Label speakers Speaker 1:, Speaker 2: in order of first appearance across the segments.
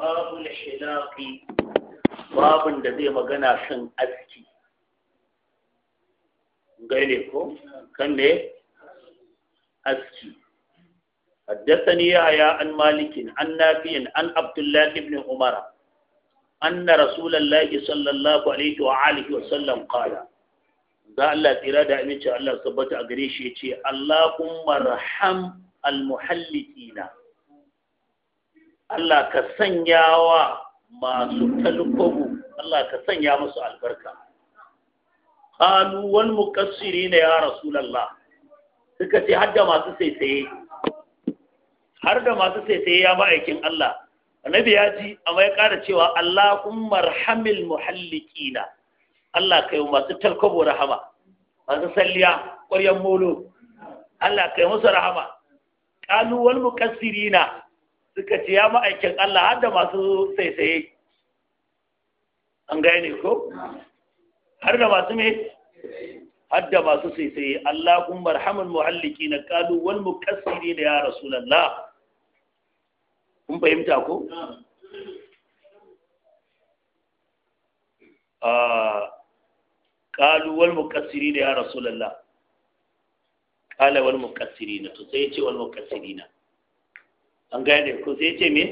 Speaker 1: Babu hilaqi babun da zai magana kan aski gane ko kan ne aski حدثني يحيى عن مالك عن نافع عن عبد الله بن عمر أن رسول الله صلى الله عليه وآله وسلم قال ذا الله تراد أمين الله ثبت أغريشي اللهم ارحم المحلقين Allah ka sanya wa masu talkobu Allah ka sanya musu albarka qalu wal ne ya rasulullah suka ce har da masu saisaye har da masu saisaye ya ma'aikin Allah annabi ya ji amma ya ƙara cewa Allahumma rahamil muhallikina Allah kai masu talkobo rahama masu salliya ƙwaryan molo Allah kai musu rahama qalu wal muqassirina suka ce ya ma'aikin Allah har da masu saisaye an gane ko har da masu me har da masu saisaye Allahun marhamul muhalliki na kalu wal mukassiri da ya rasulallah kun fahimta ko kalu ah, wal mukassiri da ya rasulallah kala wal mukassiri na to sai ya ce wal mukassiri na an gane ko sai ce me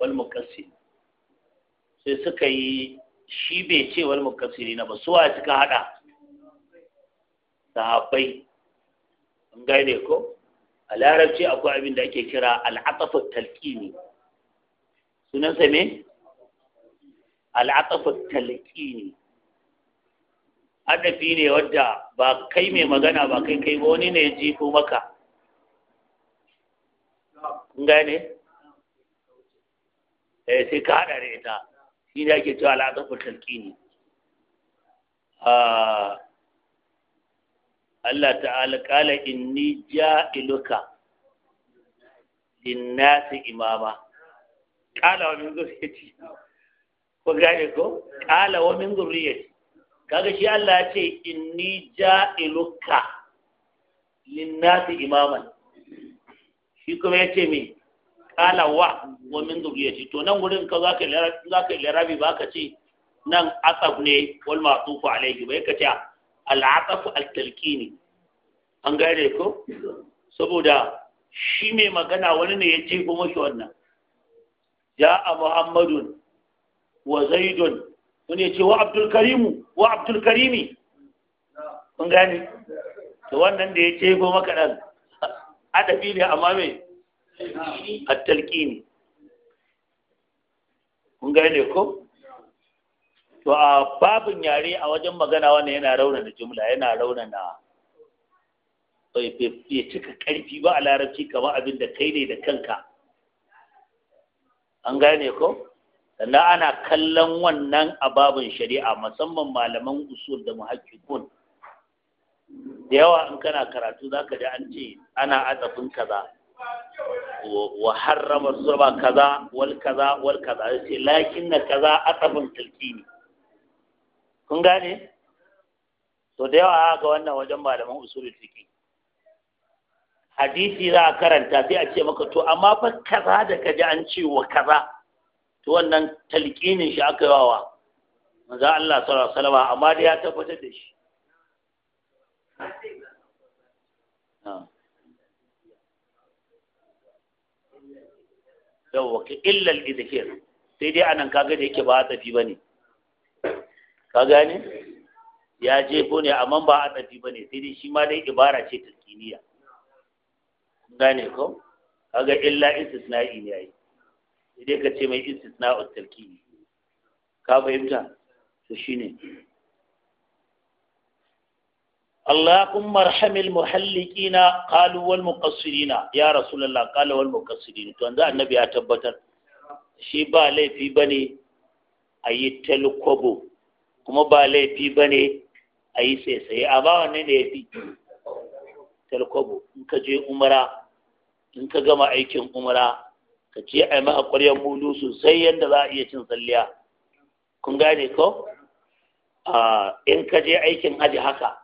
Speaker 1: wal muqassir sai suka yi shi bai ce wal muqassiri na ba suwa suka hada sahabbai an gane ko a larabci akwai abin da ake kira al'atafu talqini sa me al'atafu talqini adafi ne wadda ba kai mai magana ba kai kai ba wani ne ya ko maka gane eh sai ka hada da ita shi ne ake cewa al'adafu talqini ah, Allah ta'ala qala inni ja'iluka linnasi imama qala wa min zuriyati ko gane ko qala wa min zuriyati kaga shi Allah ya ce inni ja'iluka linnasi imaman shi kuma ya ce mai kala wa wa min to nan wurin ka ka zaka lirabi ba ka ce nan asab ne wal ma'tufu alayhi bai ka ce al atafu al ne. an gane ko saboda shi mai magana wani ne ya ce kuma shi wannan a muhammadun wa zaidun wani ya ce wa abdul karimu wa abdul karimi kun gane to wannan da ya ce ko kaɗan adafi ne amma me at ne. kun gane ko to a babin yare a wajen magana wannan yana raunana jumla yana raunana bai cika karfi ba a larabci kamar abin da kai ne da kanka an gane ko sannan ana kallon wannan a babin shari'a musamman malaman usul da muhakkikun da yawa in kana karatu za ka ji an ce ana azabin kaza wa harrama zuba kaza wal kaza wal kaza ya ce lakin na kaza azabin tilki ne kun gane to da yawa ga wannan wajen malaman usulul tilki hadisi za a karanta sai a ce maka to amma fa kaza da ka ji an ce wa kaza to wannan talqinin shi aka yawa manzo Allah sallallahu alaihi wasallam amma dai ya tabbatar da shi yawwa ka illal idhir sai dai anan kaga da yake ba atafi bane ka gane ya ko ne amma ba atafi bane sai dai shi ma dai ibara ce taskiniya gane ko kaga illa istisna'i ne ai sai dai ka ce mai istisna'u tarkibi ka fahimta to shine اللهم ارحم المحلقين قالوا والمقصرين يا ya الله قال والمقصرين to anda annabi ya tabbatar shi ba laifi bane ayi talkobo kuma ba laifi bane yi tsaye a ba wanne ne yafi talkobo in ka je umara in ka gama aikin umara ka ce yi ma ƙwaryar mulu sosai yadda za a iya cin tsalliya kun gane ko in ka je aikin haji haka